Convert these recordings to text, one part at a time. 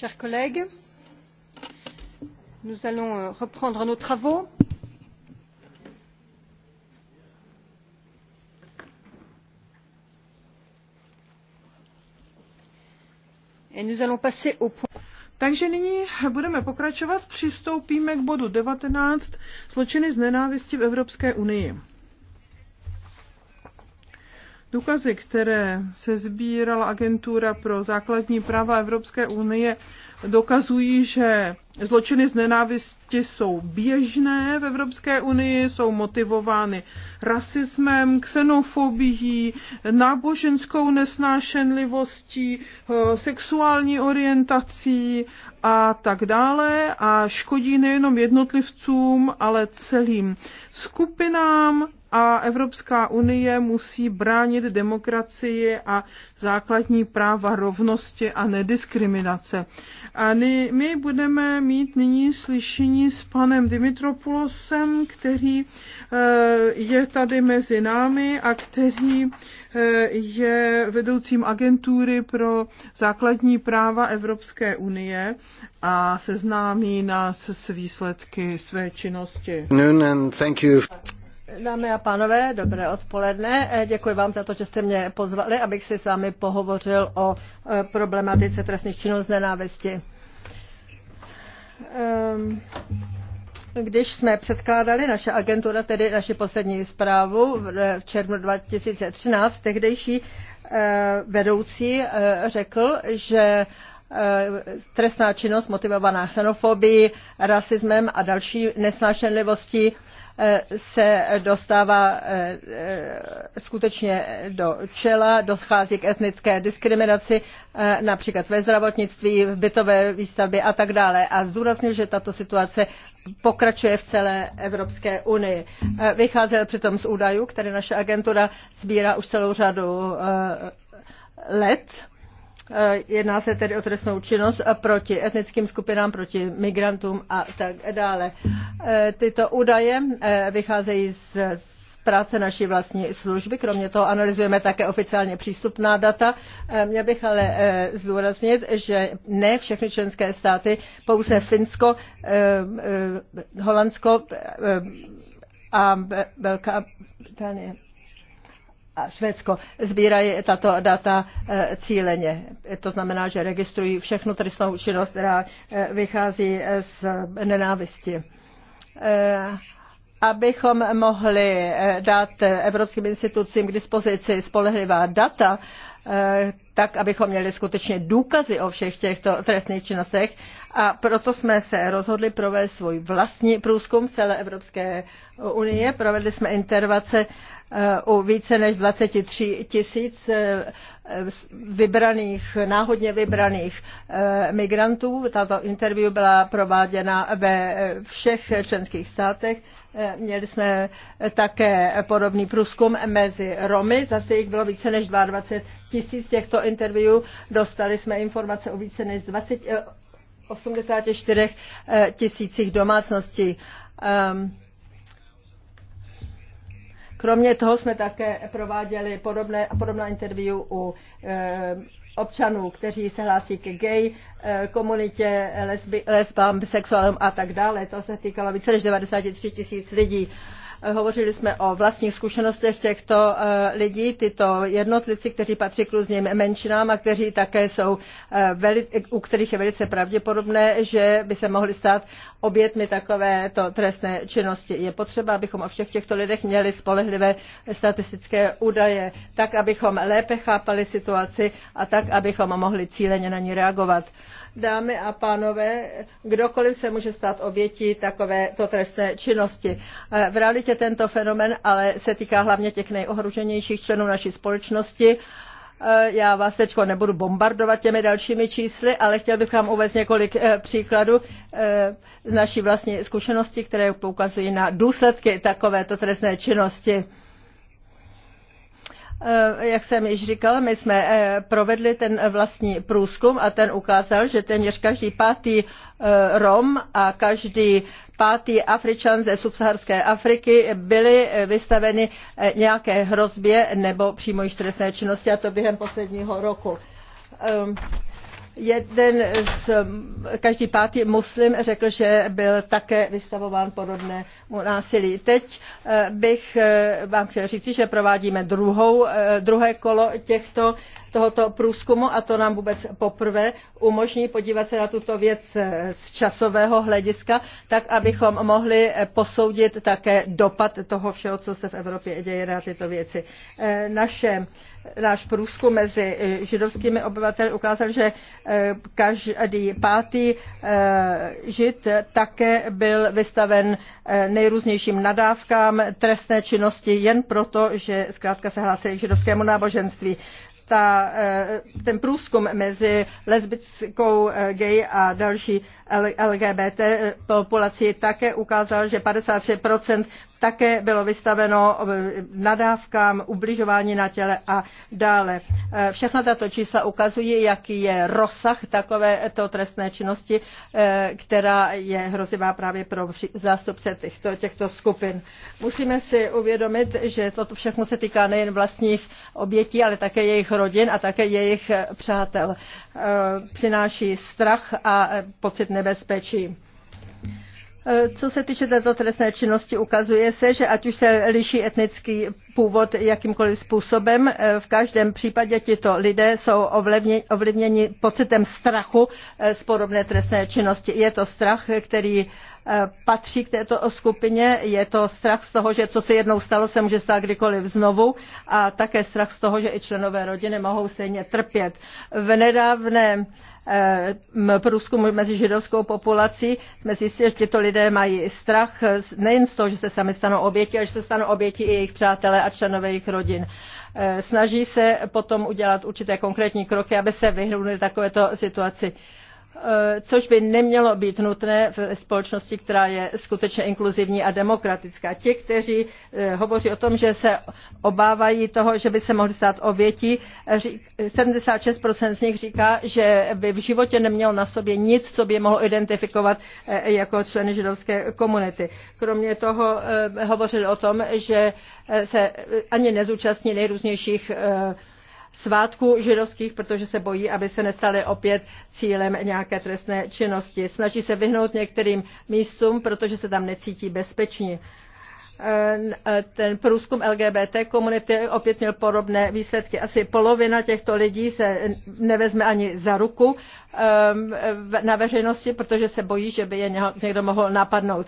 chers collègues nous allons euh, reprendre nos travaux. Et nous allons passer au point. Takže nyní budeme pokračovat, přistoupíme k bodu 19, zločiny z nenávisti v Evropské unii. Důkazy, které se sbírala agentura pro základní práva Evropské unie, dokazují, že Zločiny z nenávisti jsou běžné v Evropské unii, jsou motivovány rasismem, xenofobií, náboženskou nesnášenlivostí, eh, sexuální orientací a tak dále a škodí nejenom jednotlivcům, ale celým skupinám a Evropská unie musí bránit demokracii a základní práva rovnosti a nediskriminace. A my budeme mít nyní slyšení s panem Dimitropulosem, který eh, je tady mezi námi a který eh, je vedoucím agentury pro základní práva Evropské unie a seznámí nás s výsledky své činnosti. Dámy a pánové, dobré odpoledne. Eh, děkuji vám za to, že jste mě pozvali, abych si s vámi pohovořil o problematice trestných činů z nenávisti. Ehm, když jsme předkládali, naše agentura, tedy naši poslední zprávu v červnu 2013, tehdejší eh, vedoucí eh, řekl, že eh, trestná činnost motivovaná xenofobií, rasismem a další nesnášenlivostí Eh, se dostává eh, eh, skutečně do čela, dochází k etnické diskriminaci, například ve zdravotnictví, v bytové výstavbě a tak dále. A zdůraznil, že tato situace pokračuje v celé Evropské unii. Vycházel přitom z údajů, které naše agentura sbírá už celou řadu let Eh, jedná se tedy o trestnou činnost proti etnickým skupinám, proti migrantům a tak dále. Eh, tyto údaje eh, vycházejí z práce naší vlastní služby. Kromě toho analyzujeme také oficiálně přístupná data. Měl bych ale zdůraznit, že ne všechny členské státy, pouze Finsko, Holandsko a Velká Británie a Švédsko sbírají tato data eh, cíleně. To znamená, že registrují všechnu trestnou činnost, která eh, vychází eh, z nenávisti abychom mohli dát evropským institucím k dispozici spolehlivá data, tak, abychom měli skutečně důkazy o všech těchto trestných činnostech. A proto jsme se rozhodli provést svůj vlastní průzkum celé Evropské unie. Provedli jsme intervace u více než 23 tisíc eh, vybraných, náhodně vybraných eh, migrantů. Tato interview byla prováděna ve všech členských státech. Eh, měli jsme také podobný průzkum mezi Romy, zase jich bylo více než 22 tisíc těchto interview. Dostali jsme informace o více než 20, 84 tisících domácností. Ehm, Kromě toho jsme také prováděli podobné, podobná interview u e, občanů, kteří se hlásí k gay e, komunitě, lesby, lesbám, bisexuálům a tak dále. To se týkalo více než 93 tisíc lidí. E, Hovořili jsme o vlastních zkušenostech těchto eh, lidí, tyto jednotlivci, kteří patří k různým menšinám a kteří také jsou, eh, u kterých je velice pravděpodobné, že by se mohli stát obětmi takovéto trestné činnosti. Je potřeba, abychom o všech těchto lidech měli spolehlivé statistické údaje, tak abychom lépe chápali situaci a tak, abychom mohli cíleně na ní reagovat dámy a pánové, kdokoliv se může stát obětí takovéto trestné činnosti. Eh, v realitě tento fenomen ale se týká hlavně těch nejohroženějších členů naší společnosti. Eh, já vás teď nebudu bombardovat těmi dalšími čísly, ale chtěl bych vám uvést několik eh, příkladů z naší vlastní zkušenosti, které poukazují na důsledky takovéto trestné činnosti. Eh, jak jsem již říkala, my jsme eh, provedli ten vlastní průzkum a ten ukázal, že téměř každý pátý eh, Rom a každý pátý Afričan ze subsaharské Afriky byli vystaveni nějaké hrozbě nebo přímo již trestné činnosti a to během posledního roku ehm, Jeden z, každý pátý muslim řekl, že byl také vystavován podobnému násilí. Teď eh, bych eh, vám chtěl říct, že provádíme druhou, eh, druhé kolo těchto, tohoto průzkumu a to nám vůbec poprvé umožní podívat se na tuto věc z časového hlediska, tak abychom mohli posoudit také dopad toho všeho, co se v Evropě děje na tyto věci. Naše náš průzkum mezi eh, židovskými obyvateli ukázal, že eh, každý pátý eh, žid také byl vystaven nejrůznějším nadávkám trestné činnosti jen proto, že zkrátka se hlásili k židovskému náboženství ta, ten průzkum mezi lesbickou, gay a další LGBT populací také ukázal, že 53% také bylo vystaveno eh, nadávkám, ubližování na těle a dále. Eh, Všechna tato čísla ukazují, jaký je rozsah takovéto trestné činnosti, eh, která je hrozivá právě pro zástupce těchto, těchto skupin. Musíme si uvědomit, že toto všechno se týká nejen vlastních obětí, ale také jejich rodin a také jejich přátel. Přináší strach a pocit nebezpečí. Eh, co se týče této trestné činnosti, ukazuje se, že ať už se liší etnický původ jakýmkoliv způsobem, eh, v každém případě tito lidé jsou ovlivněni, pocitem strachu eh, z podobné trestné činnosti. Je to strach, který patří k této skupině. Je to strach z toho, že co se jednou stalo, se může stát kdykoliv znovu a také strach z toho, že i členové rodiny mohou stejně trpět. V nedávném eh, průzkumu mezi židovskou populací jsme zjistili, že tyto lidé mají strach nejen z toho, že se sami stanou oběti, ale že se stanou oběti i jejich přátelé a členové jejich rodin. Eh, snaží se potom udělat určité konkrétní kroky, aby se vyhnuli takovéto situaci. Eh, což by nemělo být nutné v společnosti, která je skutečně inkluzivní a demokratická. Ti, kteří eh, hovoří o tom, že se obávají toho, že by se mohli stát oběti, 76% z nich říká, že by v životě neměl na sobě nic, co by je mohlo identifikovat eh, jako členy židovské komunity. Kromě toho hovořili o tom, že se ani nezúčastní nejrůznějších svátku židovských, protože se bojí, aby se nestaly opět cílem nějaké trestné činnosti. Snaží se vyhnout některým místům, protože se tam necítí bezpečně ten průzkum LGBT komunity opět měl podobné výsledky. Asi polovina těchto lidí se nevezme ani za ruku ehm, na veřejnosti, protože se bojí, že by je někdo mohl napadnout.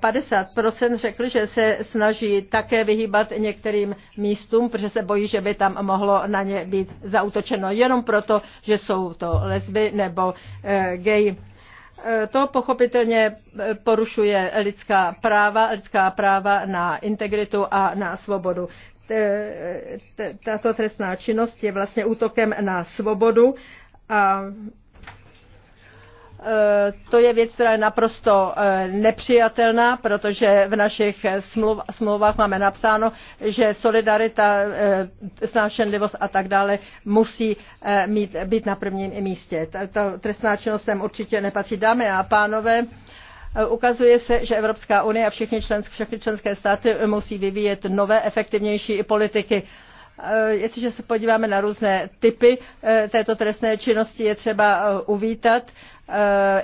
50% eh, řekli, že se snaží také vyhýbat některým místům, protože se bojí, že by tam mohlo na ně být zautočeno jenom proto, že jsou to lesby nebo eh, gay. Eh, to pochopitelně eh, porušuje lidská práva, lidská práva na integritu a na svobodu. Tato trestná činnost je vlastně útokem na svobodu a Eh, to je věc, která je naprosto eh, nepřijatelná, protože v našich eh, smlouvách máme napsáno, že solidarita, snášenlivost a tak dále musí mít, být na prvním místě. Ta trestná činnost sem určitě nepatří. Dámy a pánové, ukazuje se, že Evropská unie a všechny, členské, všechny členské státy musí vyvíjet nové, efektivnější politiky jestliže se podíváme na různé typy této trestné činnosti, je třeba uvítat,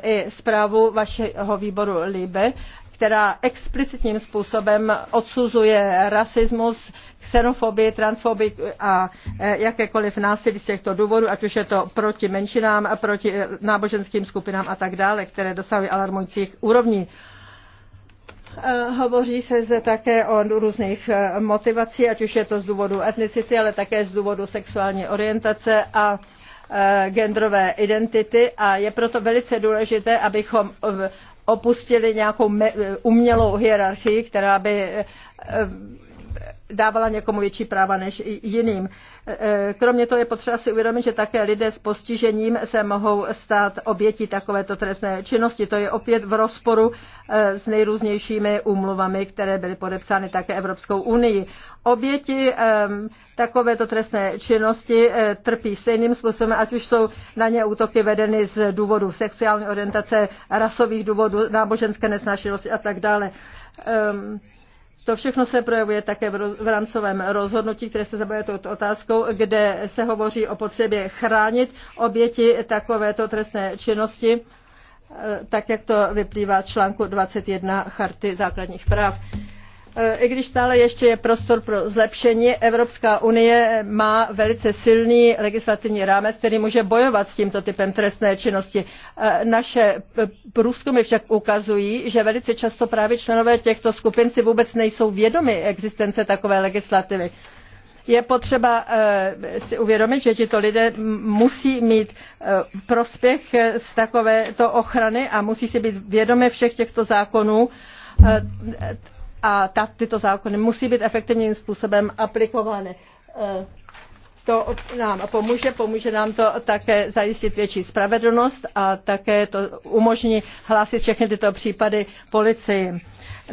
i zprávu vašeho výboru LIBE, která explicitním způsobem odsuzuje rasismus, xenofobii, transfobii a e, jakékoliv násilí z těchto důvodů, ať už je to proti menšinám, proti náboženským skupinám a tak dále, které dosahují alarmujících úrovní. E, hovoří se zde také o různých e, motivací, ať už je to z důvodu etnicity, ale také z důvodu sexuální orientace a Eh, genderové identity a je proto velice důležité, abychom eh, opustili nějakou eh, umělou hierarchii, která by dávala někomu větší práva než jiným. E, e, kromě toho je potřeba si uvědomit, že také lidé s postižením se mohou stát obětí takovéto trestné činnosti. To je opět v rozporu e, s nejrůznějšími úmluvami, které byly podepsány také Evropskou unii. Oběti takovéto trestné činnosti trpí stejným způsobem, ať už jsou na ně útoky vedeny z důvodu sexuální orientace, rasových důvodů, náboženské nesnášilosti a tak dále. Ehm, to všechno se projevuje také v rámcovém rozhodnutí, které se zabývá touto otázkou, kde se hovoří o potřebě chránit oběti takovéto trestné činnosti, eh, tak jak to vyplývá článku 21 Charty základních práv. Eh, I když stále ještě je prostor pro zlepšení, Evropská unie má velice silný legislativní rámec, který může bojovat s tímto typem trestné činnosti. Eh, naše eh, průzkumy však ukazují, že velice často právě členové těchto skupin si vůbec nejsou vědomi existence takové legislativy je potřeba si uvědomit, že tito lidé musí mít prospěch z takovéto ochrany a musí si být vědomi všech těchto zákonů a ta, tyto zákony musí být efektivním způsobem aplikovány. Eh, to nám pomůže, pomůže nám to také zajistit větší spravedlnost a také to umožní hlásit všechny tyto případy policii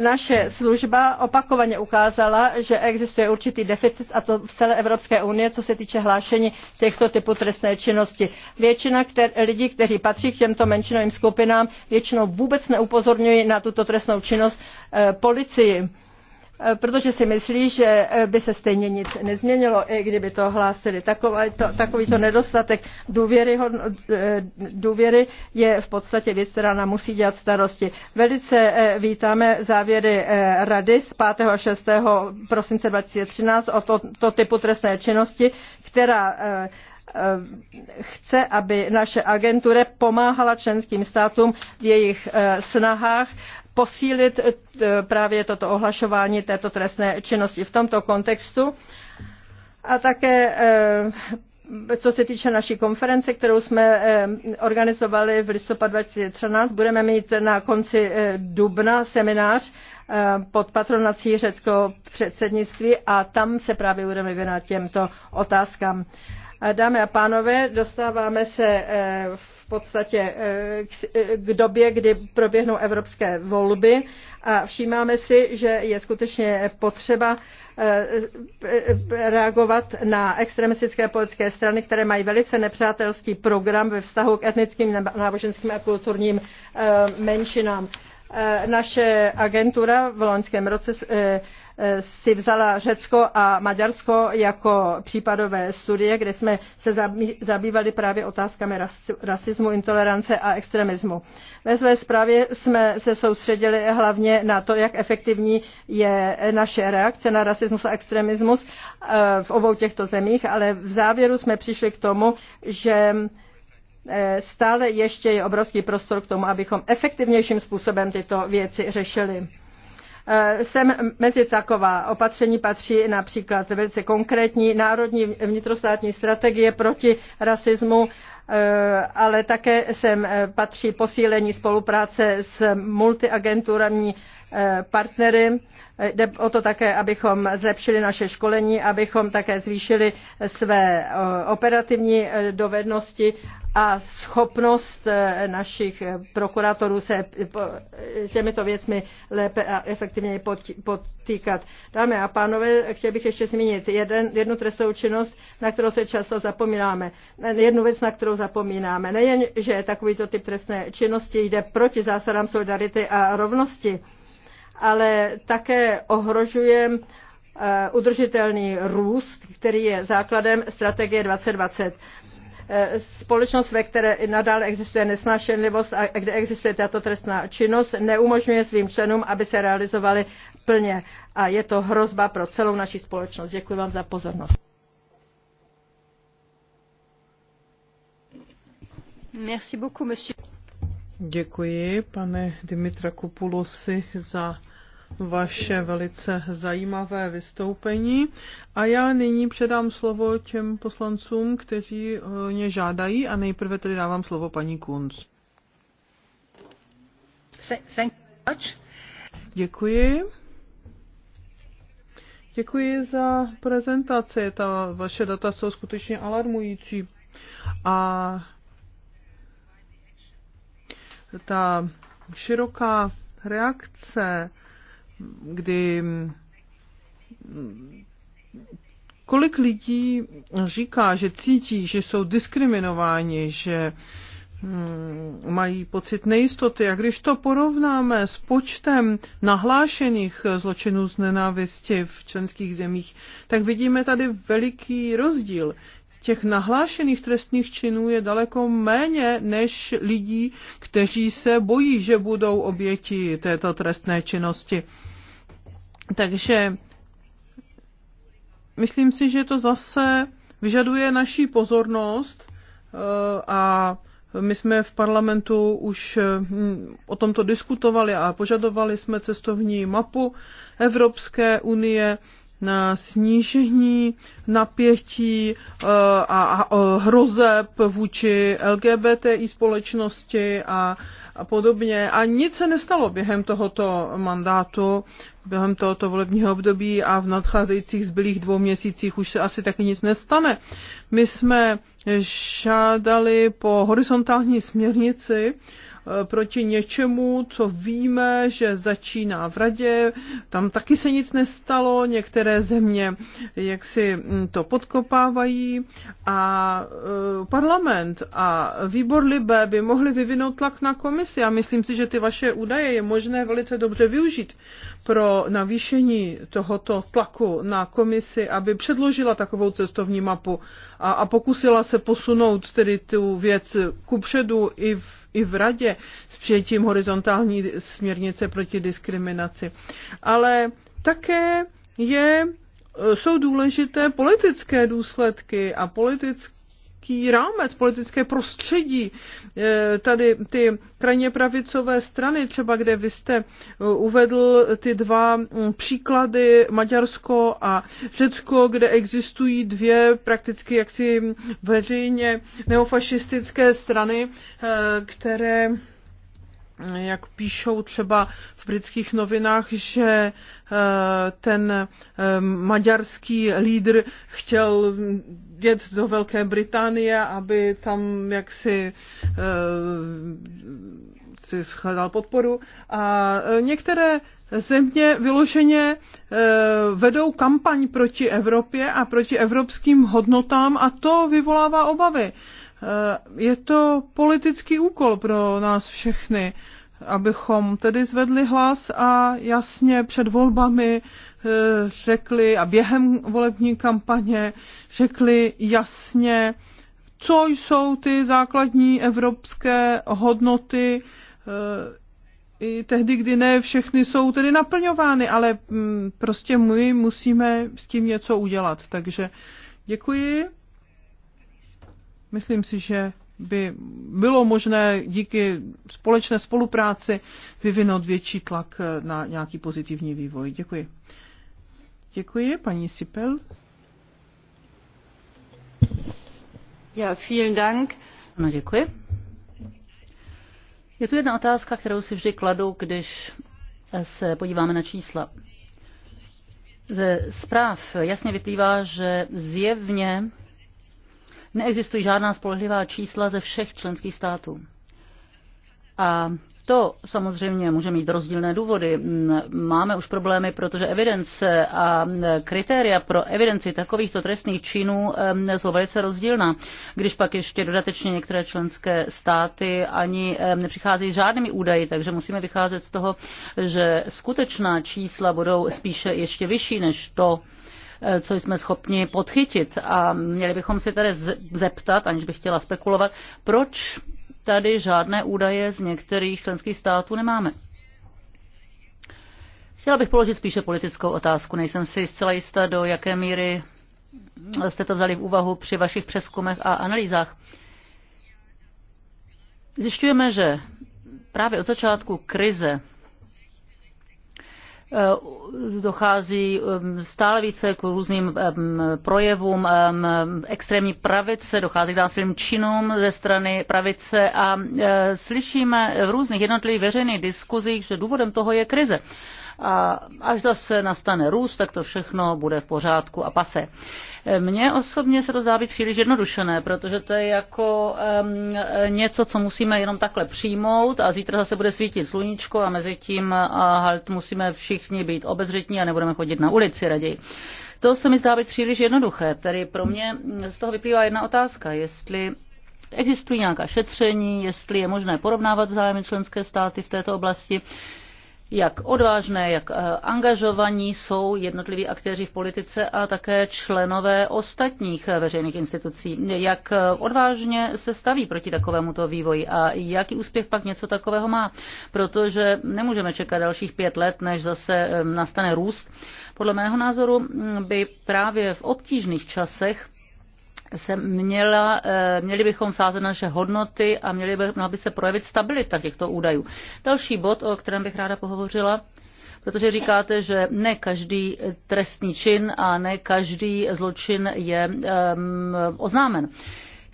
naše služba opakovaně ukázala, že existuje určitý deficit a to v celé Evropské unii, co se týče hlášení těchto typů trestné činnosti. Většina kter- lidí, kteří patří k těmto menšinovým skupinám, většinou vůbec neupozorňují na tuto trestnou činnost e, policii Eh, protože si myslí, že eh, by se stejně nic nezměnilo, i kdyby to hlásili. Takovýto, to nedostatek důvěry, eh, důvěry je v podstatě věc, která nám musí dělat starosti. Velice vítáme závěry rady z 5. a 6. prosince 2013 o to, to typu trestné činnosti, která chce, aby naše agentura pomáhala členským státům v jejich snahách posílit eh, právě toto ohlašování této trestné činnosti v tomto kontextu. A také eh, co se týče naší konference, kterou jsme eh, organizovali v listopadu 2013, budeme mít na konci dubna seminář pod patronací řeckého předsednictví a tam se právě budeme věnovat těmto otázkám. Dámy a pánové, dostáváme se v v podstatě eh, eh, k době, kdy proběhnou evropské volby a všímáme si, že je skutečně potřeba eh, reagovat na extremistické politické strany, které mají velice nepřátelský program ve vztahu k etnickým, náboženským a kulturním menšinám. Naše agentura v loňském roce Eh, si vzala Řecko a Maďarsko jako případové studie, kde jsme se zabývali právě otázkami rasismu, intolerance a extremismu. Ve své zprávě jsme se soustředili hlavně na to, jak efektivní je naše reakce na rasismus a extremismus eh, v obou těchto zemích, ale v závěru jsme přišli k tomu, že eh, stále ještě je obrovský prostor k tomu, abychom efektivnějším způsobem tyto věci řešili. Eh, sem mezi taková opatření patří například velice konkrétní národní vnitrostátní strategie proti rasismu, eh, ale také sem eh, patří posílení spolupráce s multiagenturami Eh, partnery. Jde o to také, abychom zlepšili naše školení, abychom také zvýšili své eh, operativní eh, dovednosti a schopnost našich prokurátorů se s těmito věcmi lépe a efektivněji potýkat. Dámy a pánové, chtěl bych ještě zmínit jeden, jednu trestnou činnost, na kterou se často zapomínáme. Jednu věc, na kterou zapomínáme. Nejen, že takovýto typ trestné činnosti jde proti zásadám solidarity a rovnosti, ale také ohrožuje eh, udržitelný růst, který je základem strategie 2020 eh, společnost, ve které nadále existuje nesnášenlivost a kde existuje tato trestná činnost, neumožňuje svým členům, aby se realizovali plně. A je to hrozba pro celou naši společnost. Děkuji vám za pozornost. Merci beaucoup, monsieur. Děkuji, pane Dimitra Kupulosi, za vaše velice zajímavé vystoupení. A já nyní předám slovo těm poslancům, kteří eh, mě žádají a nejprve tedy dávám slovo paní Kunz. Děkuji. Děkuji za prezentaci. Ta vaše data jsou skutečně alarmující. A ta široká reakce, kdy kolik lidí říká, že cítí, že jsou diskriminováni, že hm, mají pocit nejistoty. A když to porovnáme s počtem nahlášených zločinů z nenávisti v členských zemích, tak vidíme tady veliký rozdíl těch nahlášených trestných činů je daleko méně než lidí, kteří se bojí, že budou oběti této trestné činnosti. Takže myslím si, že to zase vyžaduje naší pozornost eh, a my jsme v parlamentu už hm, o tomto diskutovali a požadovali jsme cestovní mapu Evropské unie na snížení napětí eh, a hrozeb vůči LGBTI společnosti a, podobně. A nic se nestalo během tohoto mandátu, během tohoto volebního období a v nadcházejících zbylých dvou měsících už se asi taky nic nestane. My jsme žádali po horizontální směrnici Eh, proti něčemu, co víme, že začíná v radě. Tam taky se nic nestalo, některé země jak si hm, to podkopávají a eh, parlament a výbor Libe by mohli vyvinout tlak na komisi a myslím si, že ty vaše údaje je možné velice dobře využít pro navýšení tohoto tlaku na komisi, aby předložila takovou cestovní mapu a, a pokusila se posunout tedy tu věc kupředu i v i v radě s přijetím horizontální směrnice proti diskriminaci. Ale také je, jsou důležité politické důsledky a politické politický rámec, politické prostředí. Eh, tady ty krajně pravicové strany, třeba kde vy jste eh, uvedl ty dva mm, příklady, Maďarsko a Řecko, kde existují dvě prakticky jaksi veřejně neofašistické strany, eh, které jak píšou třeba v britských novinách, že eh, ten eh, maďarský lídr chtěl jet do Velké Británie, aby tam jaksi eh, si shledal podporu. A některé země vyloženě vedou kampaň proti Evropě a proti evropským hodnotám a to vyvolává obavy. Eh, je to politický úkol pro nás všechny, abychom tedy zvedli hlas a jasně před volbami eh, řekli a během volební kampaně řekli jasně, co jsou ty základní evropské hodnoty, eh, i tehdy, kdy ne všechny jsou tedy naplňovány, ale mm, prostě my musíme s tím něco udělat. Takže děkuji. Myslím si, že by bylo možné díky společné spolupráci vyvinout větší tlak eh, na nějaký pozitivní vývoj. Děkuji. Děkuji, paní Sipel. Ja, vielen Dank. No, děkuji. Je tu jedna otázka, kterou si vždy kladu, když se podíváme na čísla. Ze zpráv jasně vyplývá, že zjevně Neexistují žádná spolehlivá čísla ze všech členských států. A to samozřejmě může mít rozdílné důvody. Máme už problémy, protože evidence a kritéria pro evidenci takovýchto trestných činů jsou velice rozdílná. Když pak ještě dodatečně některé členské státy ani nepřicházejí s žádnými údaji, takže musíme vycházet z toho, že skutečná čísla budou spíše ještě vyšší než to, Eh, co jsme schopni podchytit. A měli bychom si tady zeptat, aniž bych chtěla spekulovat, proč tady žádné údaje z některých členských států nemáme. Chtěla bych položit spíše politickou otázku. Nejsem si zcela jistá, do jaké míry jste to vzali v úvahu při vašich přeskumech a analýzách. Zjišťujeme, že právě od začátku krize Eh, dochází stále více k různým projevům extrémní pravice, dochází k násilným činům ze strany pravice a eh, slyšíme v různých jednotlivých veřejných diskuzích, že důvodem toho je krize a až zase nastane růst, tak to všechno bude v pořádku a pase. Mně osobně se to zdá být příliš jednodušené, protože to je jako um, něco, co musíme jenom takhle přijmout a zítra zase bude svítit sluníčko a mezi tím a halt musíme všichni být obezřetní a nebudeme chodit na ulici raději. To se mi zdá být příliš jednoduché, tedy pro mě z toho vyplývá jedna otázka, jestli existují nějaká šetření, jestli je možné porovnávat zájmy členské státy v této oblasti jak odvážné, jak eh, angažovaní jsou jednotliví aktéři v politice a také členové ostatních eh, veřejných institucí. Jak eh, odvážně se staví proti takovémuto vývoji a jaký úspěch pak něco takového má. Protože nemůžeme čekat dalších pět let, než zase nastane růst. Podle mého názoru mm, by právě v obtížných časech se měla, eh, měli bychom sázet na naše hodnoty a měli by, měla by se projevit stabilita těchto údajů. Další bod, o kterém bych ráda pohovořila, protože říkáte, že ne každý trestný čin a ne každý zločin je um, oznámen. Uh,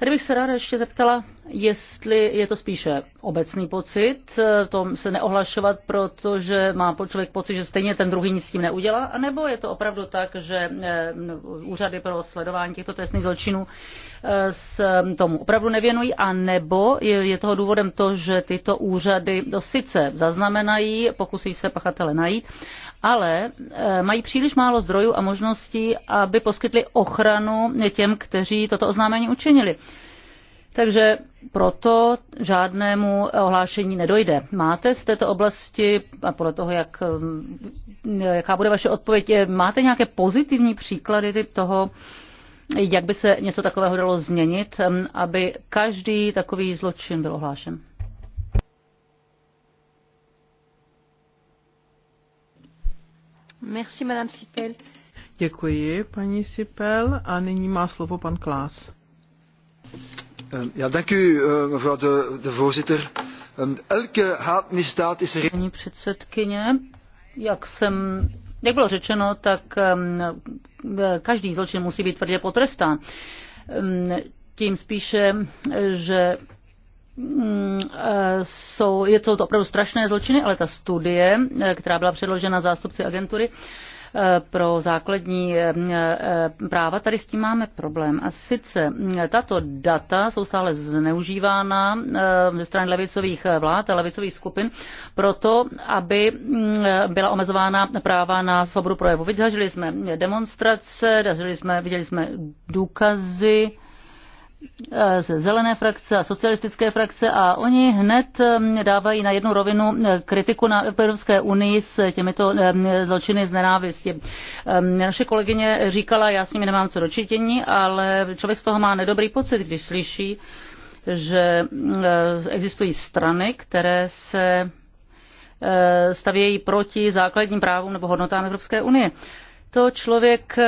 Tady bych se ráda ještě zeptala, jestli je to spíše obecný pocit, eh, to se neohlašovat, protože má člověk pocit, že stejně ten druhý nic s tím neudělá, anebo je to opravdu tak, že eh, no, úřady pro sledování těchto trestných zločinů eh, s tomu opravdu nevěnují, a nebo je toho důvodem to, že tyto úřady to sice zaznamenají, pokusí se pachatele najít, ale eh, mají příliš málo zdrojů a možností, aby poskytli ochranu těm, kteří toto oznámení učinili. Takže proto žádnému ohlášení nedojde. Máte z této oblasti, a podle toho, jak, eh, jaká bude vaše odpověď, eh, máte nějaké pozitivní příklady toho, jak by se něco takového dalo změnit, aby každý takový zločin byl ohlášen? Děkuji, paní Sipel. A nyní má slovo pan Klaas. Ehm, ja, dank u, eh, mevrouw de, de voorzitter. Ehm, elke haatmisdaad is... Er- paní předsedkyně, jak jsem jak bylo řečeno, tak ehm, eh, každý zločin musí být tvrdě potrestán. Tím spíše, že Mm, eh, jsou, je to opravdu strašné zločiny, ale ta studie, eh, která byla předložena zástupci agentury, eh, pro základní práva, tady s tím máme problém. A sice tato data jsou stále zneužívána ze strany levicových vlád a levicových skupin proto, aby mm, byla omezována práva na svobodu projevu. Vydařili jsme demonstrace, jsme, viděli jsme důkazy, Eh, ze zelené frakce a socialistické frakce a oni hned dávají na jednu rovinu eh, kritiku na Evropské unii s těmito zločiny z nenávisti. Naše kolegyně říkala, já s nimi nemám co dočinění, ale člověk z toho má nedobrý pocit, když slyší, že eh, existují strany, které se stavějí proti základním právům nebo hodnotám Evropské unie. To člověk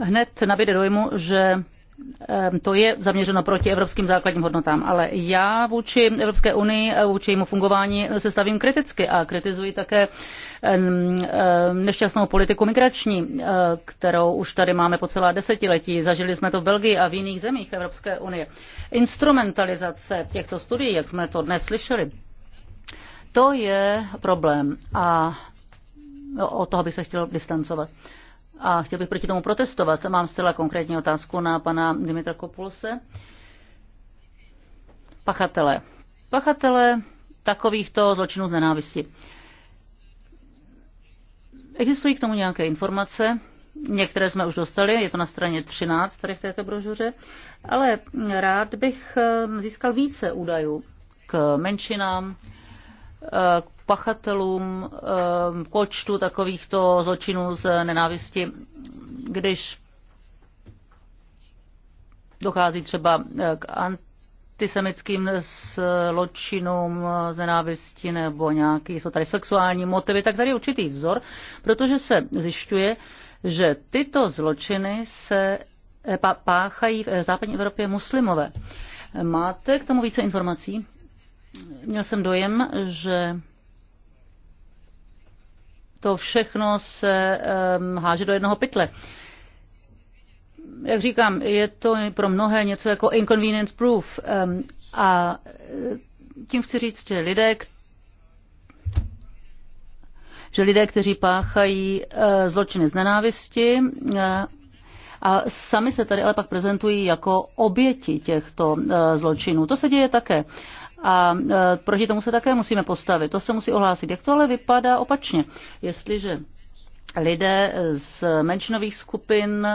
hned nabíde dojmu, že Ehm, to je zaměřeno proti evropským základním hodnotám, ale já vůči Evropské unii a eh, vůči jejímu fungování eh, se stavím kriticky a kritizuji také ehm, ehm, nešťastnou politiku migrační, eh, kterou už tady máme po celá desetiletí. Zažili jsme to v Belgii a v jiných zemích Evropské unie. Instrumentalizace těchto studií, jak jsme to dnes slyšeli, to je problém a od toho bych se chtěl distancovat a chtěl bych proti tomu protestovat. Mám zcela konkrétní otázku na pana Dimitra Kopulse. Pachatele. Pachatele takovýchto zločinů z nenávisti. Existují k tomu nějaké informace? Některé jsme už dostali, je to na straně 13 tady v této brožuře, ale rád bych eh, získal více údajů k menšinám, k eh, pachatelům eh, počtu takovýchto zločinů z nenávisti, když dochází třeba eh, k antisemickým zločinům z nenávisti nebo nějaký, jsou tady sexuální motivy, tak tady je určitý vzor, protože se zjišťuje, že tyto zločiny se eh, páchají v západní Evropě muslimové. Máte k tomu více informací? Měl jsem dojem, že to všechno se háže do jednoho pytle. Jak říkám, je to pro mnohé něco jako inconvenience proof. A e, tím chci říct, že lidé, že lidé, kteří páchají e, zločiny z nenávisti, e, a sami se tady ale pak prezentují jako oběti těchto zločinů. To se děje také a e, proti tomu se také musíme postavit. To se musí ohlásit. Jak to ale vypadá opačně? Jestliže lidé z menšinových skupin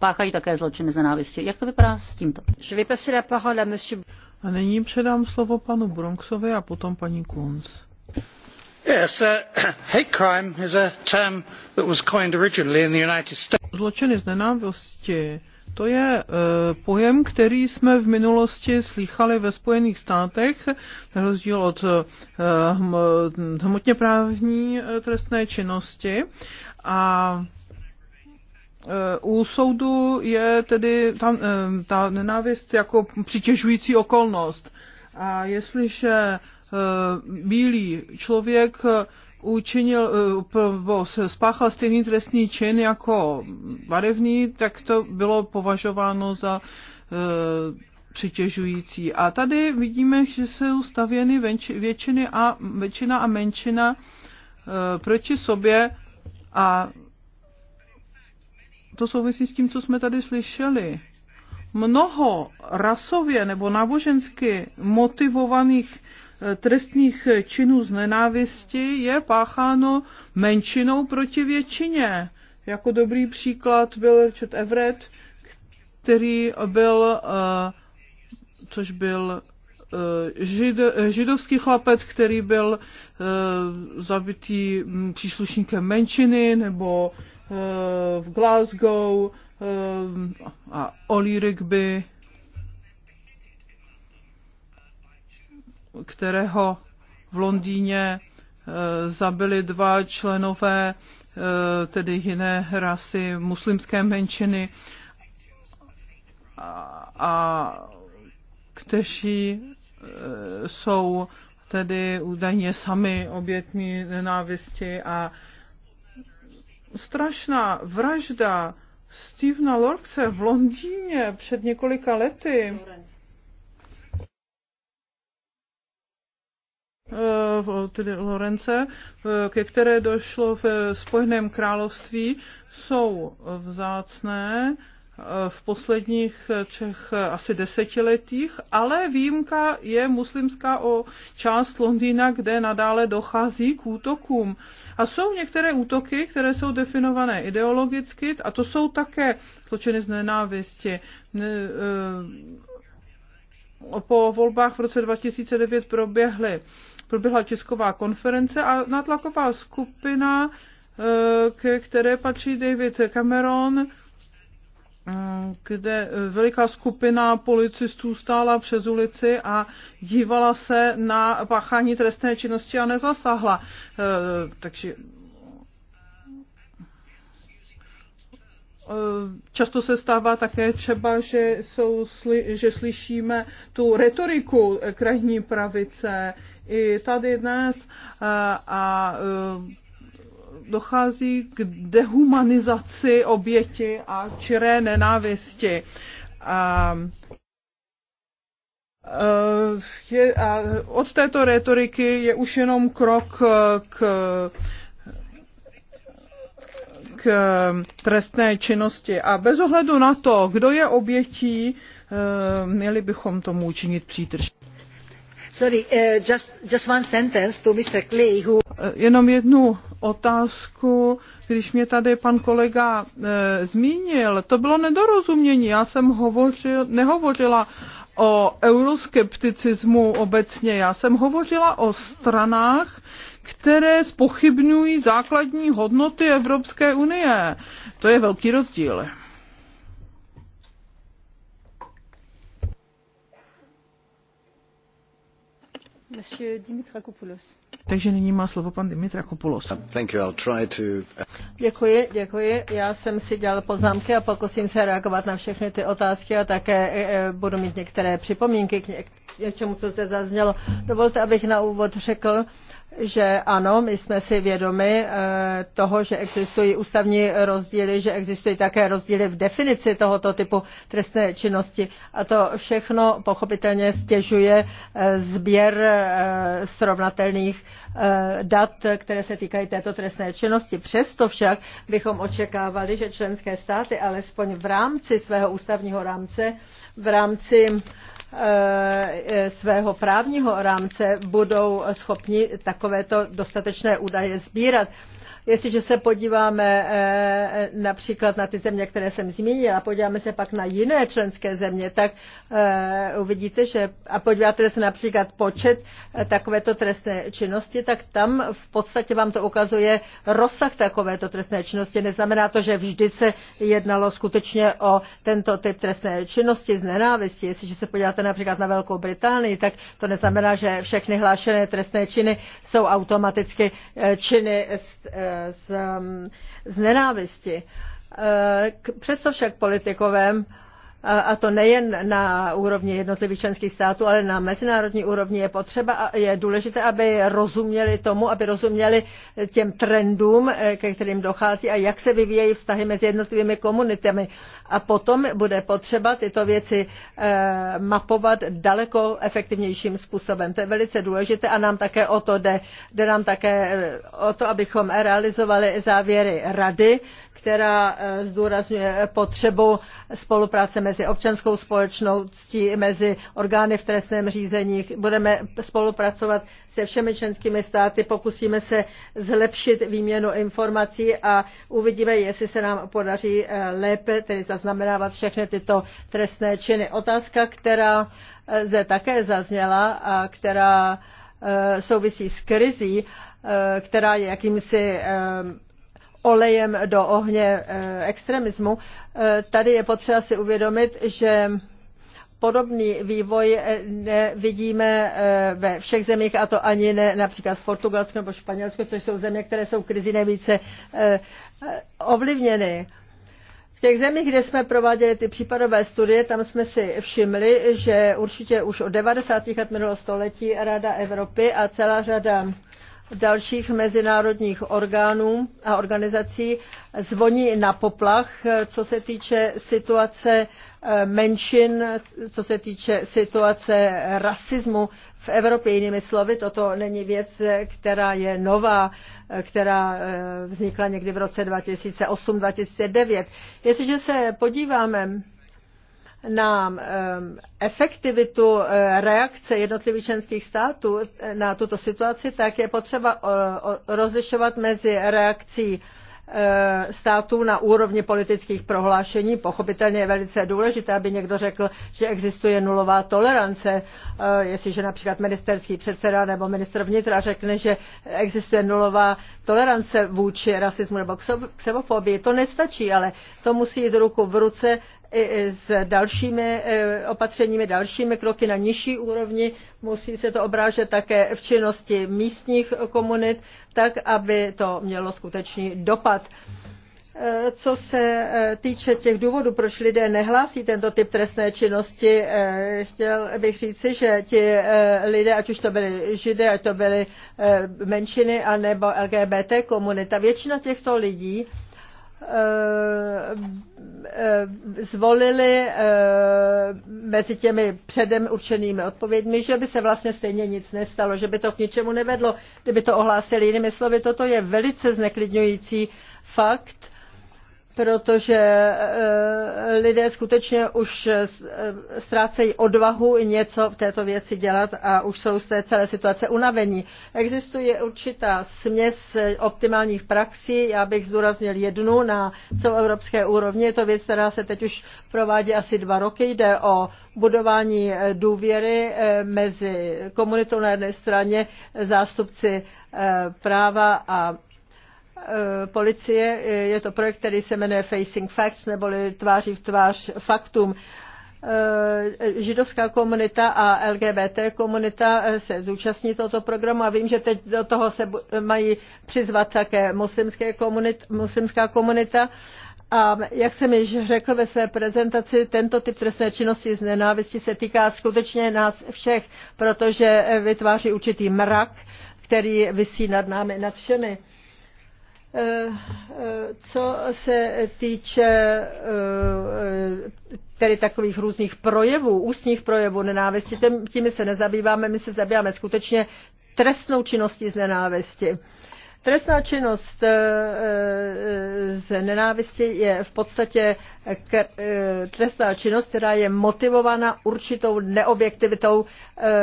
páchají také zločiny z nenávisti. Jak to vypadá s tímto? Je vais la parole à monsieur... A nyní předám slovo panu Bronxovi a potom paní Kunz. Yes, Zločiny z nenávisti to je eh, pojem, který jsme v minulosti slýchali ve Spojených státech, na rozdíl od eh, hm, hmotně právní eh, trestné činnosti. A u soudu je tedy ta, ta nenávist jako přitěžující okolnost. A jestliže bílý člověk učinil, eh, spáchal stejný trestný čin jako barevný, tak to bylo považováno za eh, přitěžující. A tady vidíme, že jsou stavěny většiny a, většina a menšina eh, proti sobě a to souvisí s tím, co jsme tady slyšeli. Mnoho rasově nebo nábožensky motivovaných trestných činů z nenávisti je pácháno menšinou proti většině. Jako dobrý příklad byl Richard Everett, který byl, eh, což byl eh, žid, židovský chlapec, který byl eh, zabitý hm, příslušníkem menšiny, nebo v Glasgow a Oli Rigby kterého v Londýně eh, zabili dva členové eh, tedy jiné rasy muslimské menšiny a, kteří eh, jsou tedy údajně sami obětmi nenávisti a strašná vražda Stevena Lorkse v Londýně před několika lety. Eh, tedy Lorence, eh, ke které došlo v eh, Spojeném království, jsou vzácné v posledních třech asi desetiletích, ale výjimka je muslimská o část Londýna, kde nadále dochází k útokům. A jsou některé útoky, které jsou definované ideologicky, a to jsou také zločiny z nenávisti po volbách v roce 2009 proběhly proběhla tisková konference a natlaková skupina, eh, ke které patří David Cameron, eh, kde veliká skupina policistů stála přes ulici a dívala se na páchání trestné činnosti a nezasáhla. Eh, takže Eh, často se stává také třeba, že, jsou, že slyšíme tu retoriku krajní pravice i tady dnes eh, a, a eh, dochází k dehumanizaci oběti a čiré nenávisti. A, je, a od této retoriky je už jenom krok k k eh, trestné činnosti. A bez ohledu na to, kdo je obětí, eh, měli bychom tomu učinit přítrž. Sorry, eh, just, just one sentence to Mr. Clay, who... Jenom jednu otázku, když mě tady pan kolega e, zmínil, to bylo nedorozumění. Já jsem hovořil, nehovořila o euroskepticismu obecně. Já jsem hovořila o stranách, které spochybňují základní hodnoty Evropské unie. To je velký rozdíl. Takže nyní má slovo pan Dimitra Kopulos. Um, děkuji, děkuji. Já jsem si dělal poznámky a pokusím se reagovat na všechny ty otázky a také eh, eh, budu mít některé připomínky k něčemu, co zde zaznělo. Dovolte, abych na úvod řekl, že ano, my jsme si vědomi eh, toho, že existují ústavní rozdíly, že existují také rozdíly v definici tohoto typu trestné činnosti. A to všechno pochopitelně stěžuje eh, sběr eh, srovnatelných dat, které se týkají této trestné činnosti. Přesto však bychom očekávali, že členské státy alespoň v rámci svého ústavního rámce v rámci eh, eh, svého právního rámce budou schopni takovéto dostatečné údaje sbírat. Jestliže se podíváme eh, například na ty země, které jsem zmínila, podíváme se pak na jiné členské země, tak eh, uvidíte, že a podíváte se například počet eh, takovéto trestné činnosti, tak tam v podstatě vám to ukazuje rozsah takovéto trestné činnosti. Neznamená to, že vždy se jednalo skutečně o tento typ trestné činnosti z nenávisti. Jestliže se podíváte například na Velkou Británii, tak to neznamená, že všechny hlášené trestné činy jsou automaticky činy z, z nenávisti. Eh, přesto však politikové a to nejen na úrovni jednotlivých členských států, ale na mezinárodní úrovni je potřeba, je důležité, aby rozuměli tomu, aby rozuměli těm trendům, eh, ke kterým dochází a jak se vyvíjejí vztahy mezi jednotlivými komunitami. A potom bude potřeba tyto věci eh, mapovat daleko efektivnějším způsobem. To je velice důležité a nám také o to jde. Jde nám také eh, o to, abychom realizovali závěry rady, která eh, zdůrazňuje potřebu spolupráce mezi občanskou společností, mezi orgány v trestném řízení. Budeme spolupracovat se všemi členskými státy, pokusíme se zlepšit výměnu informací a uvidíme, jestli se nám podaří eh, lépe tedy zaznamenávat všechny tyto trestné činy. Otázka, která eh, zde také zazněla a která souvisí s krizí, která je jakýmsi olejem do ohně eh, extremismu, eh, tady je potřeba si uvědomit, že podobný vývoj eh, nevidíme ve všech zemích, a to ani ne například v Portugalsku nebo Španělsku, což jsou země, které jsou krizi nejvíce ovlivněny. V těch zemích, kde jsme prováděli ty případové studie, tam jsme si všimli, že určitě už od 90. let minulého století Rada Evropy a celá řada dalších mezinárodních orgánů a organizací zvoní na poplach, co se týče situace eh, menšin, co se týče situace rasismu v Evropě. Jinými slovy, toto není věc, která je nová, eh, která eh, vznikla někdy v roce 2008-2009. Jestliže se podíváme na efektivitu eh, reakce jednotlivých členských států eh, na tuto situaci, tak je potřeba rozlišovat mezi reakcí eh, států na úrovni politických prohlášení. Pochopitelně je velice důležité, aby někdo řekl, že existuje nulová tolerance. Jestliže například ministerský předseda nebo ministr vnitra řekne, že existuje nulová tolerance vůči rasismu nebo ksenofobii, to nestačí, ale to musí jít ruku v ruce s dalšími e, opatřeními, dalšími kroky na nižší úrovni. Musí se to obrážet také v činnosti místních komunit, tak aby to mělo skutečný dopad. E, co se e, týče těch důvodů, proč lidé nehlásí tento typ trestné činnosti, chtěl bych říci, že ti lidé, ať už to byli židé, ať to byly menšiny, anebo LGBT komunita, většina těchto lidí Eh, eh, zvolili eh, mezi těmi předem určenými odpověďmi, že by se vlastně stejně nic nestalo, že by to k ničemu nevedlo, kdyby to ohlásili. Jinými slovy, toto je velice zneklidňující fakt protože e, lidé skutečně už e, ztrácejí odvahu něco v této věci dělat a už jsou z té celé situace unavení. Existuje určitá směs optimálních praxí, já bych zdůraznil jednu na celoevropské úrovni, je to věc, která se teď už provádí asi dva roky, jde o budování důvěry e, mezi komunitou na jedné straně, zástupci práva a Eh, policie. Eh, je to projekt, který se jmenuje Facing Facts, neboli tváří v tvář faktům eh, židovská komunita a LGBT komunita se zúčastní tohoto programu a vím, že teď do toho se mají přizvat také muslimské komunit, muslimská komunita. A jak jsem již řekl ve své prezentaci, tento typ trestné činnosti z nenávisti se týká skutečně nás všech, protože vytváří určitý mrak, který vysí nad námi, nad všemi. Co se týče eh, tedy takových různých projevů, ústních projevů nenávisti, tím se nezabýváme, my se zabýváme skutečně trestnou činností z nenávisti. Trestná činnost eh, eh, z nenávisti je v podstatě eh, trestná činnost, která je motivována určitou neobjektivitou,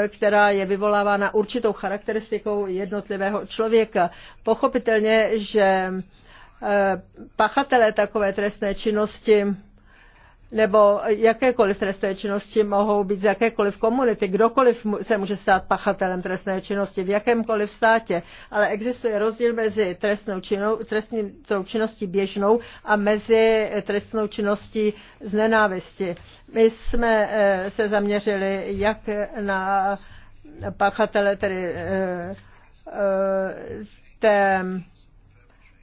která je vyvolávána určitou charakteristikou jednotlivého člověka. Pochopitelně, že pachatelé takové trestné činnosti nebo jakékoliv trestné činnosti mohou být z jakékoliv komunity. Kdokoliv se může stát pachatelem trestné činnosti v jakémkoliv státě, ale existuje rozdíl mezi trestnou, činou, trestnou činností běžnou a mezi trestnou činností z nenávisti. My jsme eh, se zaměřili jak na pachatele, tedy eh, eh, té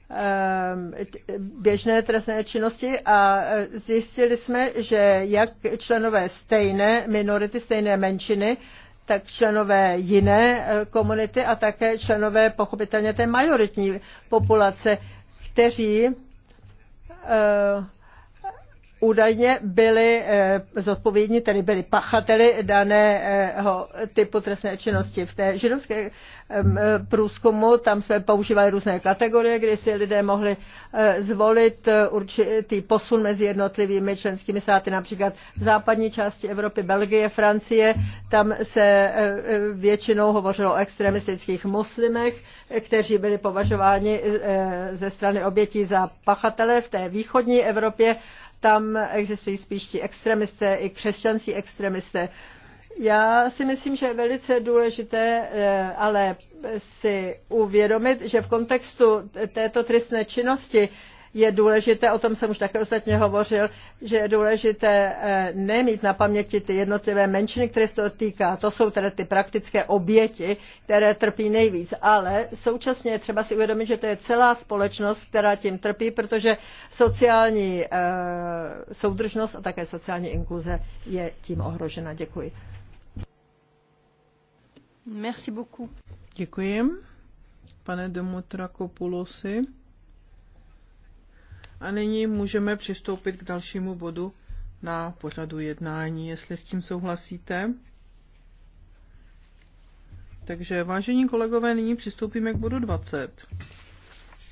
Ehm, běžné trestné činnosti a e, zjistili jsme, že jak členové stejné minority, stejné menšiny, tak členové jiné e, komunity a také členové pochopitelně té majoritní populace, kteří e, údajně byli eh, zodpovědní, tedy byli pachateli daného eh, typu trestné činnosti. V té židovské eh, průzkumu tam se používaly různé kategorie, kdy si lidé mohli zvolit určitý posun mezi jednotlivými členskými státy, například v západní části Evropy, Belgie, Francie, tam se většinou hovořilo o extremistických muslimech, kteří byli považováni ze strany obětí za pachatele v té východní Evropě tam existují spíš ti extremisté, i křesťanský extremisté. Já si myslím, že je velice důležité eh, ale si uvědomit, že v kontextu této trestné činnosti je důležité, o tom jsem už také ostatně hovořil, že je důležité eh, nemít na paměti ty jednotlivé menšiny, které se to týká. To jsou tedy ty praktické oběti, které trpí nejvíc. Ale současně je třeba si uvědomit, že to je celá společnost, která tím trpí, protože sociální eh, soudržnost a také sociální inkluze je tím ohrožena. Děkuji. Merci beaucoup. Děkuji. Pane Demotrakopulosi. A nyní můžeme přistoupit k dalšímu bodu na pořadu jednání, jestli s tím souhlasíte. Takže, vážení kolegové, nyní přistoupíme k bodu 20,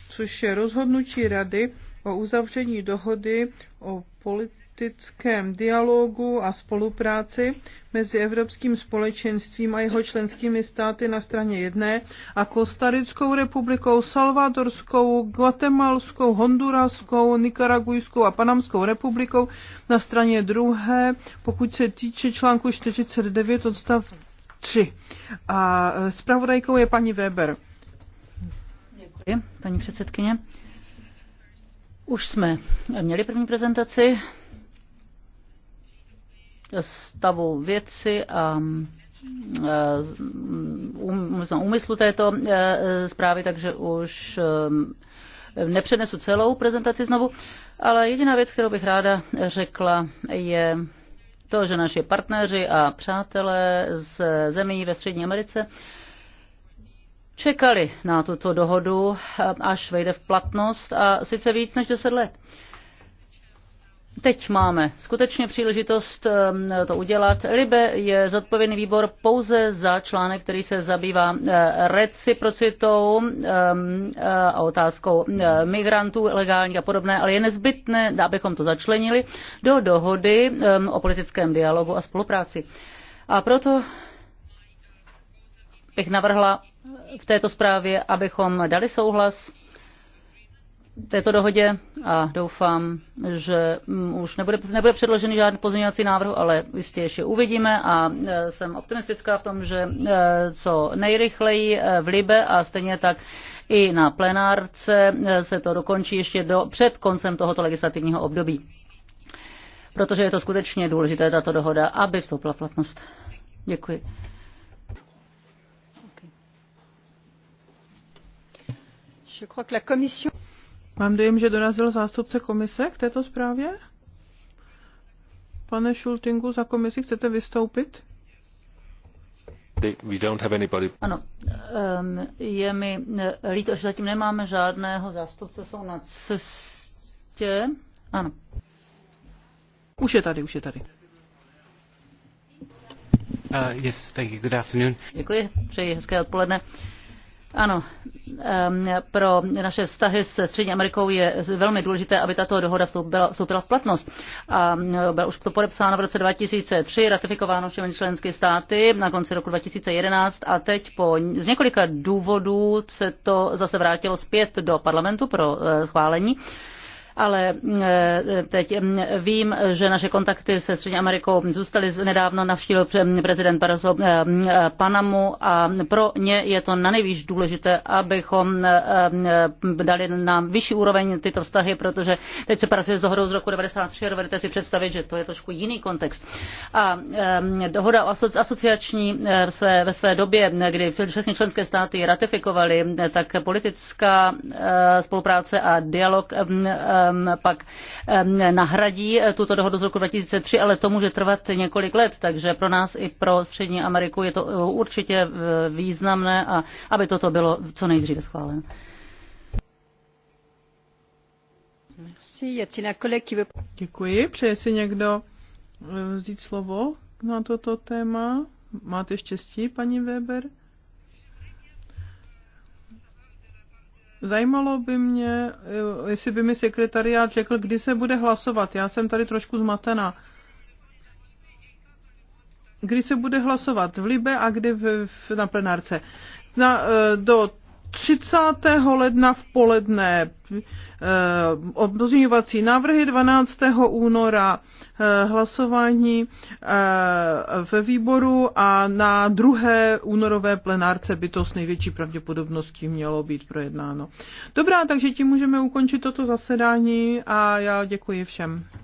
což je rozhodnutí Rady o uzavření dohody o politi- politickém dialogu a spolupráci mezi Evropským společenstvím a jeho členskými státy na straně jedné a Kostarickou republikou, Salvadorskou, Guatemalskou, Honduraskou, Nikaragujskou a Panamskou republikou na straně druhé, pokud se týče článku 49 odstav 3. A zpravodajkou je paní Weber. Děkuji, paní předsedkyně. Už jsme měli první prezentaci stavu věci a eh, um, um, úmyslu této eh, zprávy, takže už eh, nepřenesu celou prezentaci znovu, ale jediná věc, kterou bych ráda řekla, je to, že naši partneři a přátelé z zemí ve Střední Americe čekali na tuto dohodu, až vejde v platnost a sice víc než 10 let. Teď máme skutečně příležitost um, to udělat. Libe je zodpovědný výbor pouze za článek, který se zabývá uh, reciprocitou um, uh, a otázkou uh, migrantů, legálních a podobné, ale je nezbytné, abychom to začlenili do dohody um, o politickém dialogu a spolupráci. A proto bych navrhla v této zprávě, abychom dali souhlas této dohodě a doufám, že mm, už nebude, nebude předložený žádný pozměňovací návrh, ale jistě ještě uvidíme a e, jsem optimistická v tom, že e, co nejrychleji e, v Libe a stejně tak i na plenárce se to dokončí ještě do, před koncem tohoto legislativního období. Protože je to skutečně důležité, tato dohoda, aby vstoupila v platnost. Děkuji. Je crois que la commission... Mám dojem, že dorazil zástupce komise k této zprávě. Pane Šultingu, za komisi chcete vystoupit? We don't have anybody. Ano, ehm, je mi eh, líto, že zatím nemáme žádného zástupce, jsou na cestě. Ano. Už je tady, už je tady. Uh, yes, thank you. Good afternoon. Děkuji, přeji hezké odpoledne. Uh, ano, ehm, pro naše vztahy se Střední Amerikou je velmi důležité, aby tato dohoda vstoupila, vstoupila v platnost. A ehm, bylo už to podepsáno v roce 2003, ratifikováno všemi členské státy na konci roku 2011 a teď po z několika důvodů se to zase vrátilo zpět do parlamentu pro eh, schválení ale eh, teď hm, vím, že naše kontakty se Střední Amerikou zůstaly nedávno, navštívil prezident Barroso eh, hm, Panamu a pro ně je to na nejvíc důležité, abychom eh, hm, dali na vyšší úroveň tyto vztahy, protože teď se pracuje s dohodou z roku 93 a dovedete si představit, že to je trošku jiný kontext. A dohoda o asociační své, ve své době, kdy všechny členské státy ratifikovaly, tak politická spolupráce a dialog Um, pak um, nahradí eh, tuto dohodu z roku 2003, ale to může trvat několik let, takže pro nás i pro Střední Ameriku je to eh, určitě eh, významné a aby toto bylo co nejdříve schváleno. Děkuji. Přeje si někdo vzít slovo na toto téma? Máte štěstí, paní Weber? Zajímalo by mě, eh, jestli by mi sekretariát řekl, kdy se bude hlasovat. Já jsem tady trošku zmatená. Kdy se bude hlasovat? V Libe a kdy v, v, na plenárce? Na, eh, do 30. ledna v poledne pozměňovací eh, návrhy 12. února eh, hlasování eh, ve výboru a na druhé únorové plenárce by to s největší pravděpodobností mělo být projednáno. Dobrá, takže tím můžeme ukončit toto zasedání a já děkuji všem.